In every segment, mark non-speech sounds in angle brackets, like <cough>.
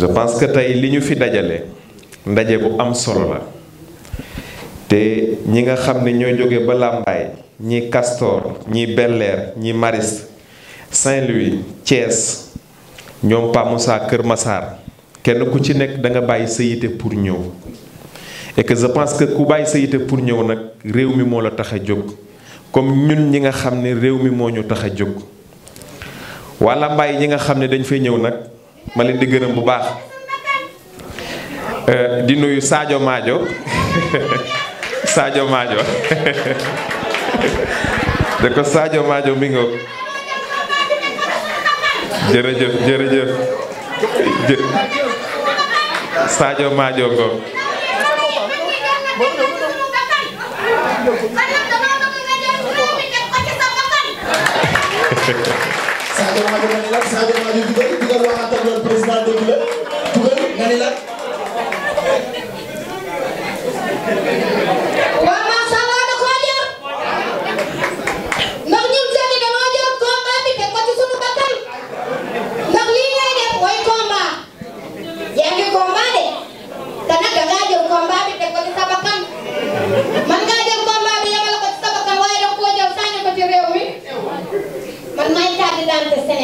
je pense que tey fi dajale ndaje bu am solo la te ñi nga xam ne ñoo jóge ba Lambaye ñi Castor ñi bel ñi Maristes Saint-Louis Thiès ñoom Pa Moussa Kër Massar kenn ku ci nekk da nga bàyyi sa pour ñëw et que je pense que ku bàyyi sa pour ñëw nag réew mi moo la tax a comme ñun ñi nga xam réew mi moo ñu tax a ñi nga xam dañ fay ma leen di gërëm bu baax euh, di nuyu Sadio Maajo <laughs> Sadio Maajo <laughs> da ko Sadio Maajo mi nga jërëjëf jërëjëf Sadio Maajo ko <laughs>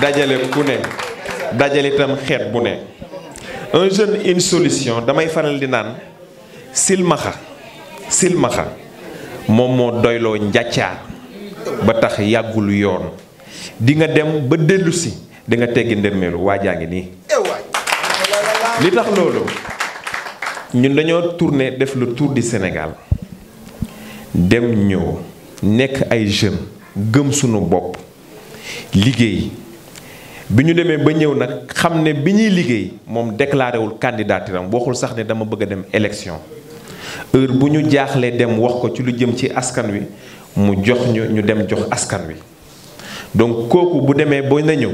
dajale ku ne dajale itam xeet bu ne un jeune une solution damay faral di naan silmaxa silmaxa moom moo doyloo njàccaar ba tax yàggul yoon di nga dem ba dellusi danga nga teggi ndërmeelu waa jaa ngi nii li tax loolu ñun dañoo tourner def le tour di Sénégal dem ñëw nekk ay jeunes gëm sunu bopp liggéey biñu démé ba ñëw nak xamné ne liggéey mom déclaré wul candidature am waxul sax né dama bëgg dem élection heure buñu ñu jaaxlee dem wax ko ci lu jëm ci askan wi mu jox ñu ñu dem jox askan wi donc koku bu démé bo na ñëw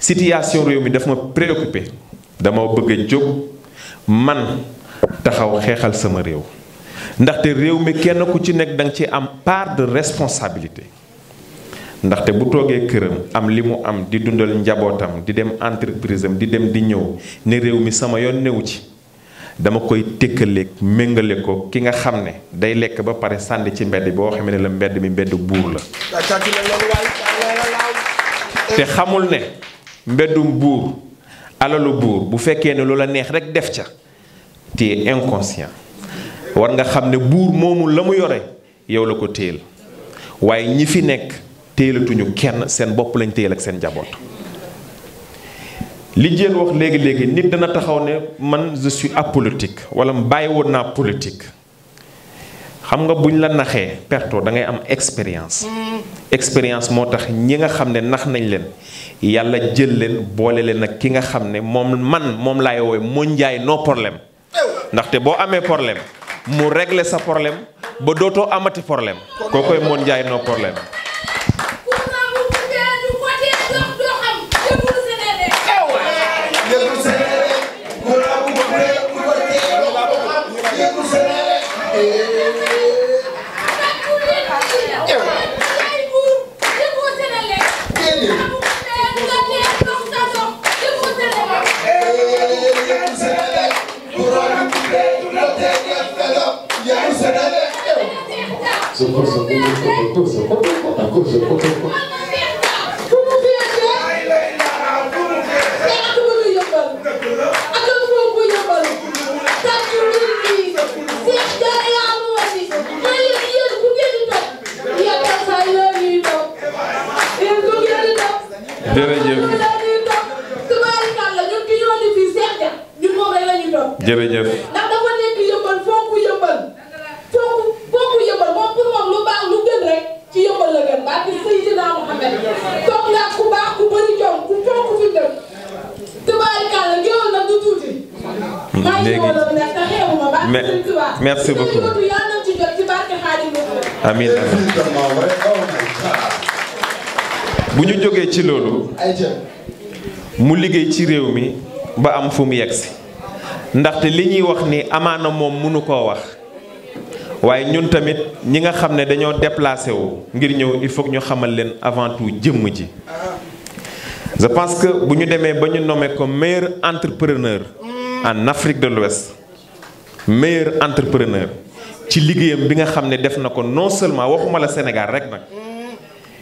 situation réew mi daf ma préoccupé dama bëgg jog man taxaw xéxal sama réew ndaxte réew mi kenn ku ci nek dang ci am part de responsabilité ndaxte bu toogee këram am li mu am di dundal njabootam di dem entreprise am di dem di ñëw ne réew mi sama yoon newu ci dama koy tëkkaleeg méngale ko ki nga xam ne day lekk ba pare sànni ci mbedd boo xam ne la mbedd mi mbedd buur la. te xamul ne mbeddum buur alalu buur bu fekkee ne lu la neex rek def ca te inconscient war nga xam ne buur moomu la mu yore yow la ko téel waaye ñi fi nekk. téyelatuñu kenn seen bopp lañ téyel ak seen njaboot li jéen wax léegi léegi nit dana taxaw ne man je suis apolitique wala bàyyi woon naa politique xam nga buñ la naxee perto da ngay am expérience. expérience moo tax ñi nga xam ne nax nañ leen yàlla jël leen boole leen ak ki nga xam ne moom man moom lay woowee moo njaay no problème ndaxte boo amee problème mu régler sa problème ba dootoo amati problème. kookoy moo njaay noo problème. Corso, corso, corso, corso, corso, corso, corso, jërëjëf merci beaucoup bu ñu jógee ci loolu mu liggéey ci réew mi ba am fu mu yegsi ndaxte li ñuy wax ni amaana moom mënu koo wax waaye ñun tamit ñi nga xam ne dañoo déplacé wu ngir ñëw il foog ñu xamal leen avant tout jëmm ji je pense que bu ñu demee ba ñu nommé ko meilleur entrepreneur en Afrique de l'Ouest meilleur entrepreneur ci liggéeyam bi nga xamné def nako non seulement waxuma la Sénégal rek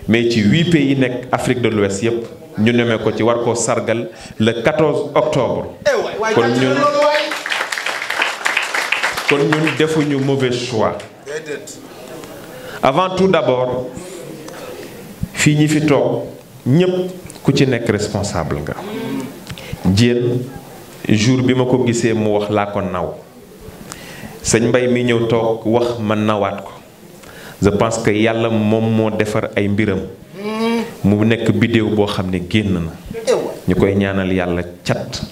mais ci 8 pays nek Afrique de l'Ouest yépp ñu némé ko ci war ko sargal le 14 octobre eh kon ñun kon ñun defuñu mauvais choix avant tout d'abord fi ñi fi tok ñépp ku ci nek responsable nga jour bi ma ko gisee mu wax la ko naw sëñ mbay mi ñëw toog wax ma nawaat ko je pense que yàlla moom moo defar ay mbiram mu nekk biddéew boo xam ne génn na ñu koy ñaanal yàlla cat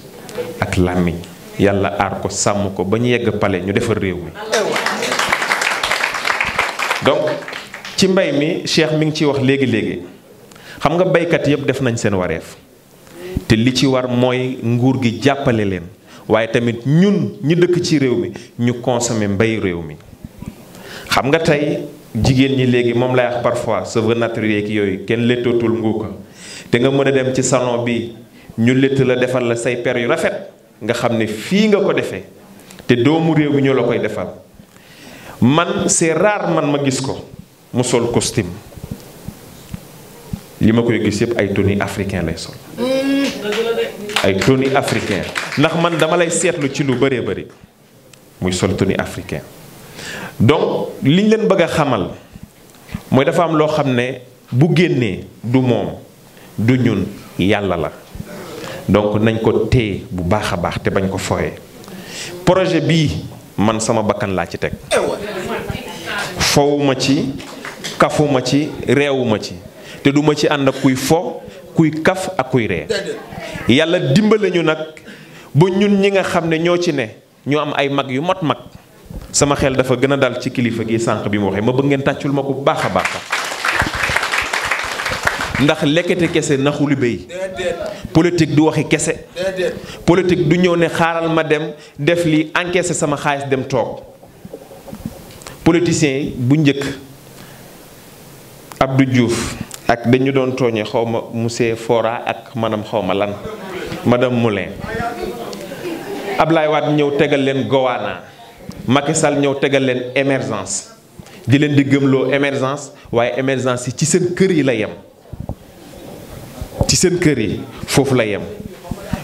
ak làmmiñ yàlla aar ko sàmm ko ba ñu yegg pale ñu defar réew mi donc ci mbay mi Cheikh mi ngi ciy wax léegi léegi xam nga baykat yépp def nañ seen wareef te li ci war mooy nguur gi jàppale leen waaye tamit ñun ñi dëkk ci réew mi ñu consommer mbay réew mi xam nga tey jigéen ñi léegi moom lay wax parfois cheveux naturels yooyu kenn léttootul nguuka te nga mën a dem ci salon bi ñu létt la defal la say per yu rafet nga xam ne fii nga ko defee te doomu réew mi ñoo la koy defal man c'est rare man ma gis ko mu sol costume li ma koy gis yëpp ay tenue africain lay sol mm. ay tenue africain ndax man dama lay seetlu ci lu bëree bëri muy sol tenue africain donc liñ leen bëgg a xamal mooy dafa am loo xam ne bu génnee du moom du ñun yàlla la donc nañ ko téye bu baax a baax te bañ ko foyee projet bii man sama bakkan laa ci teg fowuma ci kafuma ci reewuma ci te duma ci ànd ak kuy fo kuy kaf ak kuy ree yàlla dimbale ñu nag ba ñun ñi nga xam ne ñoo ci ne ñu am ay mag yu mot mag sama xel dafa gën a dal ci kilifa gi sànq bi mu waxee ma bëgg ngeen tàccul ma ko bu baax a baax ndax lekete kese naxul béy politique du waxi kese politique du ñëw ne xaaral ma dem def li encaissé sama xaalis dem toog politicien bu njëkk Abdou Diouf ak dañu doon tooñe xaw ma monsieur Fora ak manam xaw ma lan madame Moulin Ablaye Wade ñëw tegal leen Gowana Macky Sall ñëw tegal leen émergence di leen di gëmloo émergence waaye émergence yi ci seen kër yi la yem ci seen kër yi foofu la yem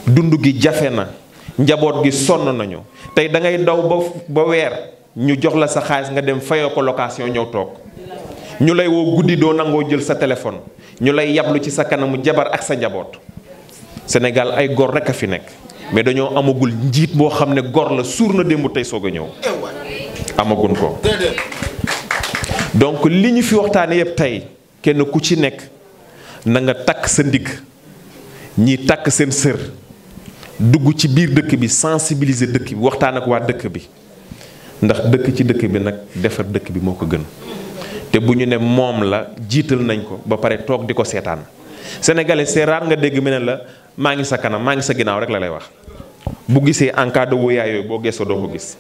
dund gi jafe na njaboot gi sonn nañu tey dangay ngay ba ba weer ñu jox la sa xaalis nga dem fayoo ko location ñëw toog ñu lay woo guddi doo nangoo jël sa téléphone ñu lay yablu ci sa kanamu jabar ak sa njaboot Sénégal ay góor rekk a fi nekk mais dañoo amagul njiit boo xam ne góor la suur na démb tey soog a ñëw amagul ko donc li ñu fi waxtaane yépp tey kenn ku ci nekk na nga takk sa ndigg ñi takk seen sër dugg ci biir dëkk bi sensibiliser dëkk bi waxtaan ak waa dëkk bi ndax dëkk ci dëkk bi nag defar dëkk bi moo ko gën te bu ñu ne moom la jiital nañ ko ba pare toog di ko seetaan sénégalais c'est rare nga dégg mu la maa ngi sa kanam maa ngi sa ginnaaw rek la lay wax bu gisee en cas de yooyu boo gëstoo doo ko gis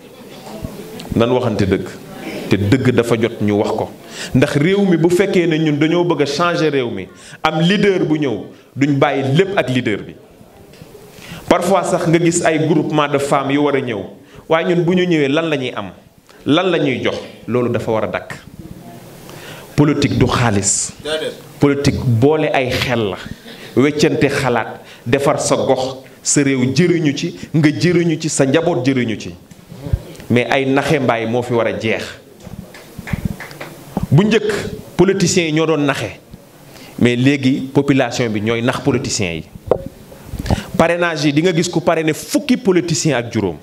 nan waxante dëgg te dëgg dafa jot ñu wax ko ndax réew mi bu fekkee ne ñun dañoo bëgg a changer réew mi am leader bu ñëw duñ bàyyi lépp ak leader bi parfois sax nga gis ay groupement de femmes yu war a ñëw waaye ñun bu ñu ñëwee lan la ñuy am lan la ñuy jox loolu dafa war a dakk politique du xaalis politique boole ay xel la weccante xalaat defar sa gox sa réew jëriñu ci nga jëriñu ci sa njaboot jëriñu ci mais ay naxe mbaay moo fi war a jeex bu njëkk politiciens yi ñoo doon naxe mais léegi population bi ñooy nax politiciens yi parrainage yi di nga gis ku ne fukki politiciens ak juróom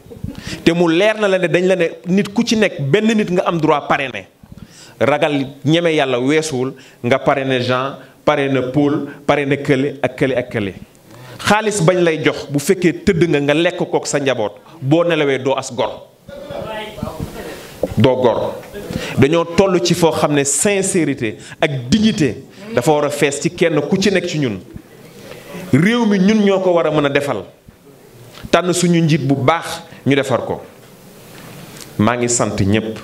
te mu leer na la ne dañ la ne nit ku ci nekk benn nit nga am pare parrainé ragal ñeme yàlla weesuwul nga pare ne Jean pare na Paul pare na kële ak kële ak kële xaalis bañ lay jox bu fekkee tëdd nga nga lekk kook sa njaboot boo nelawee doo as gor doo gor dañoo toll ci foo xam ne sincérité ak dignité dafa war a fees ci kenn ku ci nekk ci ñun réew mi ñun ñoo ko war a mën a defal tànn suñu njiit bu baax ñu defar ko maa ngi sant ñépp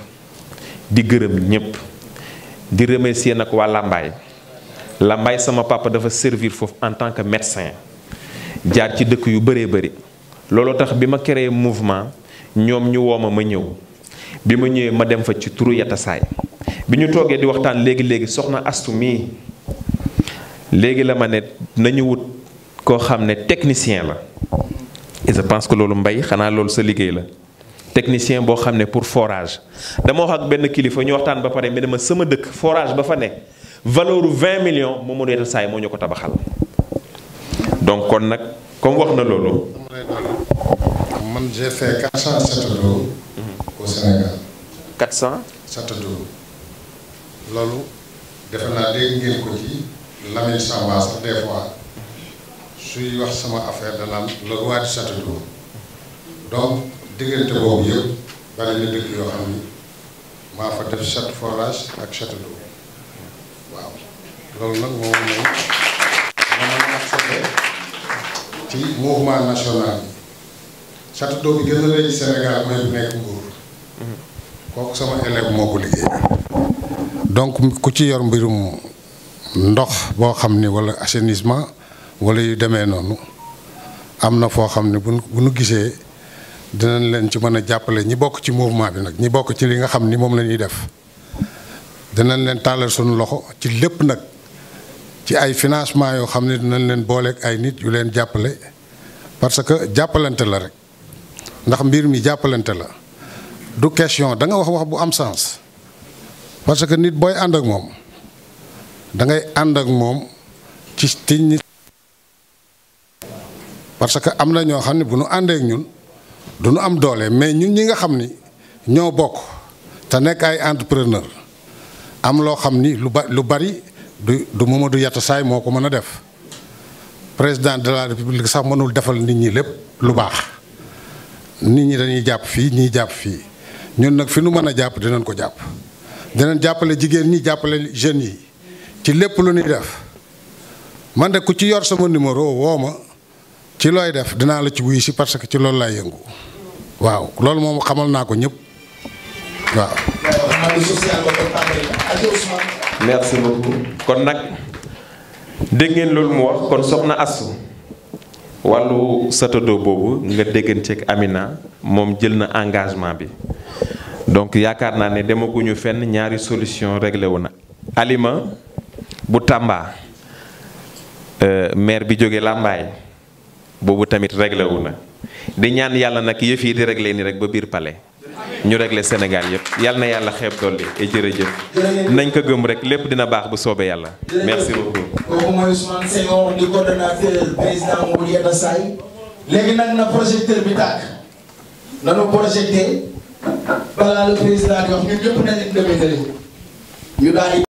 di gërëm ñëpp di remercier nak wa Lambaye Lambaye sama papa dafa servir fofu en tant que médecin jaar ci dëkk yu bëree bëri looloo tax bima créé mouvement ñom ñu woma ma ñëw bima ñëwé ma dem fa ci turu yata say biñu toogee di waxtaan légui légui soxna astu mii la ma nañu wut ko xamné technicien la et je pense que loolu mbay xana loolu sa liggéey la technicien bo xamné pour forage dama wax ak ben kilifa ñu waxtaan ba paré mais dama sama dëkk forage ba fa né valeur 20 millions mo Yatta Saay moo ñu ko tabaxal donc kon nak comme wax na man j'ai fait 400 châteaux au Sénégal. 400. 700. lolu défa na dégg ngeen ko ci Lamine Samba sax des fois suy wax sama affaire danaan le roi du château donc. diggante boobu yëpp bari na dëkk yoo xam ni maa fa def château forage ak château d'eau waaw loolu nag moom moom ma mën a accédé ci mouvement national bi château d'eau bi gën a rëy Sénégal mooy bu nekk Mbour kooku sama élève moo ko liggéey donc ku ci yor mbirum ndox boo xam ni wala assainissement wala yu demee noonu am na foo xam ne bu nu bu nu gisee dinañ leen ci mën a jàppale ñi bokk ci mouvement bi nag ñi bokk ci li nga xam ni moom la ñuy def dinañ leen tàllal suñu loxo ci lépp nag ci ay financement yoo xam ne dinañ leen booleek ay nit yu leen jàppale parce que jàppalante la rek ndax mbir mi jàppalante la du question da nga wax wax bu am sens parce que nit booy ànd ak moom da ngay ànd ak moom ci tiñ parce que am na ñoo xam ne bu nu àndeek ñun. du nu am doole mais ñun ñi nga xam ni ñoo bokk te nekk ay entrepreneur am loo xam ni lu ba lu bari du du Mamadou Yatassay moo ko mën a def président de la république sax mënul defal nit ñi lépp lu baax nit ñi dañuy jàpp fii ñiy jàpp fii ñun nag fi nu mën a jàpp dinañ ko jàpp dinañ jàppale jigéen ñi jàppale jeunes yi ci lépp lu nuy def man de ku ci yor sama numéro woo ma ci looy def dinaa la ci wuyu si parce que ci loolu laay yëngu waaw loolu moom xamal naa ko ñëpp waaw. merci kon nag dégg ngeen loolu mu wax kon soxna Astou wàllu satado boobu nga dégganteeg Amina moom jël na engagement bi donc yaakaar naa ne demaguñu fenn ñaari solution réglé wu na. Alima bu Tamba euh, maire bi jóge Lambaye boobu tamit réglé wu na. di ñaan yàlla nag yëf yi di réglé nii rek ba biir pale ñu réglé senegal yëpp yal na yàlla xeeb dolli et jërëjëf nañ ko gëm rek lépp dina baax bu soobee yàlla merci beaucoup. kooku mooy Ousmane Senghor di coordonnateur léegi nag na projecteur bi tàkk nanu projeté balaa le président di wax ñun ñëpp nañu demee ñu daal